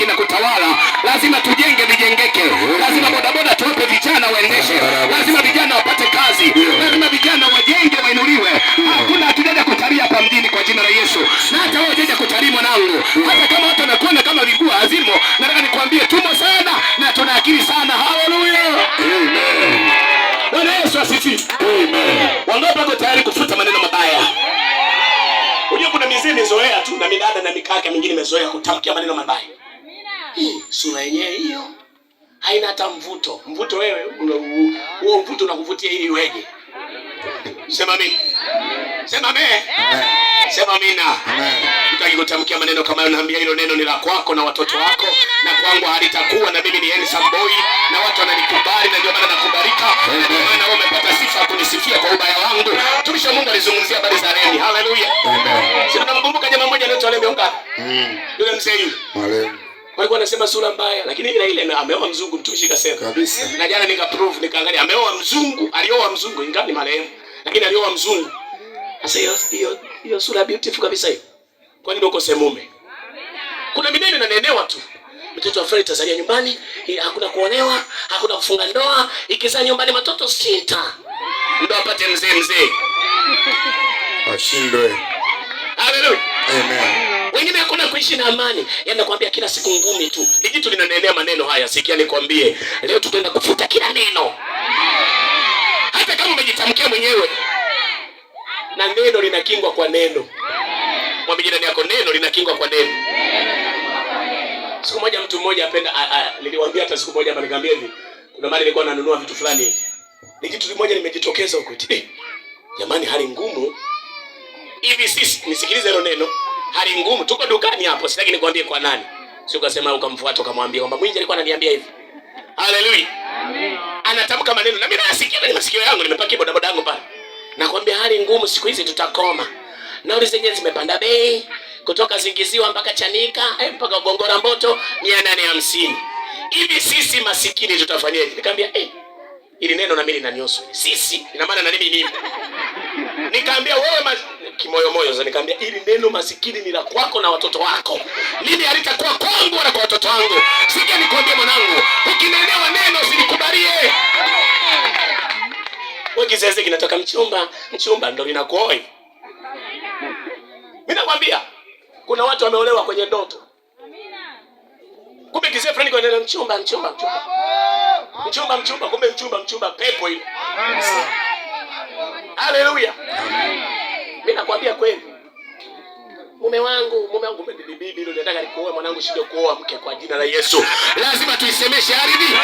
haki na kutawala. Lazima tujenge vijengeke, lazima bodaboda tuwape vijana waendeshe, lazima vijana wapate kazi, lazima vijana wajenge, wainuliwe. Hakuna hatujaja kutalii hapa mjini kwa jina la Yesu, na hata wewe hujaja kutalii mwanangu, hata kama watu wanakuona kama vigua azimo, nataka nikwambie tumo sana na tuna akili sana. Haleluya, Bwana Yesu asifiwe. Wangapi wako tayari kufuta maneno mabaya? Unajua kuna mizee imezoea tu na minada na mikaka mingine imezoea kutamkia maneno mabaya sura yenyewe hiyo haina hata mvuto. Mvuto wewe huo mvuto unakuvutia ili iweje? Sema mimi, sema mimi, sema mina. Utakikutamkia maneno kama hayo, naambia hilo neno ni la kwako na watoto wako na kwangu halitakuwa. Na mimi ni handsome boy na watu wananikubali, na ndio maana nakubalika, na ndio maana wewe umepata sifa kunisifia kwa ubaya wangu. Mtumishi Mungu alizungumzia habari za Remi. Haleluya, sina namkumbuka jamaa mmoja anaitwa Remi Onga, mm. yule mzee yule Walikuwa wanasema sura mbaya, lakini ile ile ameoa mzungu mtushi kasema. Kabisa. Na jana nika prove nikaangalia ameoa mzungu, alioa mzungu ingawa ni marehemu, lakini alioa mzungu. Sasa hiyo hiyo hiyo sura beautiful kabisa hiyo. Kwa nini ukose mume? Kuna minene inanenewa tu. Mtoto wa Fred tazalia nyumbani, eh, hakuna kuonewa, hakuna kufunga ndoa, ikizaa nyumbani matoto sita. Ndio apate mzee mzee. Ashindwe. Hallelujah. Amen wengine hakuna kuishi na amani. Yaani nakwambia kila siku ngumi tu, lijitu linanenea maneno haya. Sikia nikwambie, leo tutaenda kufuta kila neno, hata kama umejitamkia mwenyewe, na neno linakingwa kwa neno. Mwambie jirani yako, neno linakingwa kwa neno. Siku moja mtu mmoja apenda, niliwaambia hata siku moja, nikaambia hivi, kuna mali nilikuwa nanunua vitu fulani hivi, lijitu limoja nimejitokeza huko, jamani, hali ngumu hivi. Sisi nisikilize hilo neno hali ngumu. Tuko dukani hapo, sitaki nikwambie kwa nani, si ukasema ukamfuata ukamwambia kwamba Mwinji alikuwa ananiambia hivi. Haleluya, amen. Anatamka maneno na mimi nasikia na masikio yangu, nimepaki boda boda yangu pale, nakwambia hali ngumu siku hizi, tutakoma nauli zenyewe zimepanda bei kutoka Zingiziwa mpaka Chanika eh, mpaka Gongora Mboto mia hivi. Sisi masikini tutafanyaje? Nikamwambia eh, ili neno na mimi linanihusu sisi, ina maana na mimi mimi Nikaambia wewe mas... kimoyo moyo sasa, nikaambia ili neno masikini ni la kwako na watoto wako, mimi halitakuwa kwangu na kwa watoto wangu. Sikia nikwambie mwanangu, ukinenewa neno usilikubalie. Wewe kizazi kinataka mchumba, mchumba ndo linakuoi. Mimi nakwambia kuna watu wameolewa kwenye ndoto. Kumbe kizee fulani kwenye mchumba, mchumba, mchumba, mchumba, mchumba, kumbe mchumba, mchumba, pepo hiyo. Haleluya! Mimi nakwambia kweli, mume wangu, mume wangu, bibi, nataka nikuoe mwanangu, sije kuoa mke, kwa jina la Yesu. Lazima tuisemeshe ardhi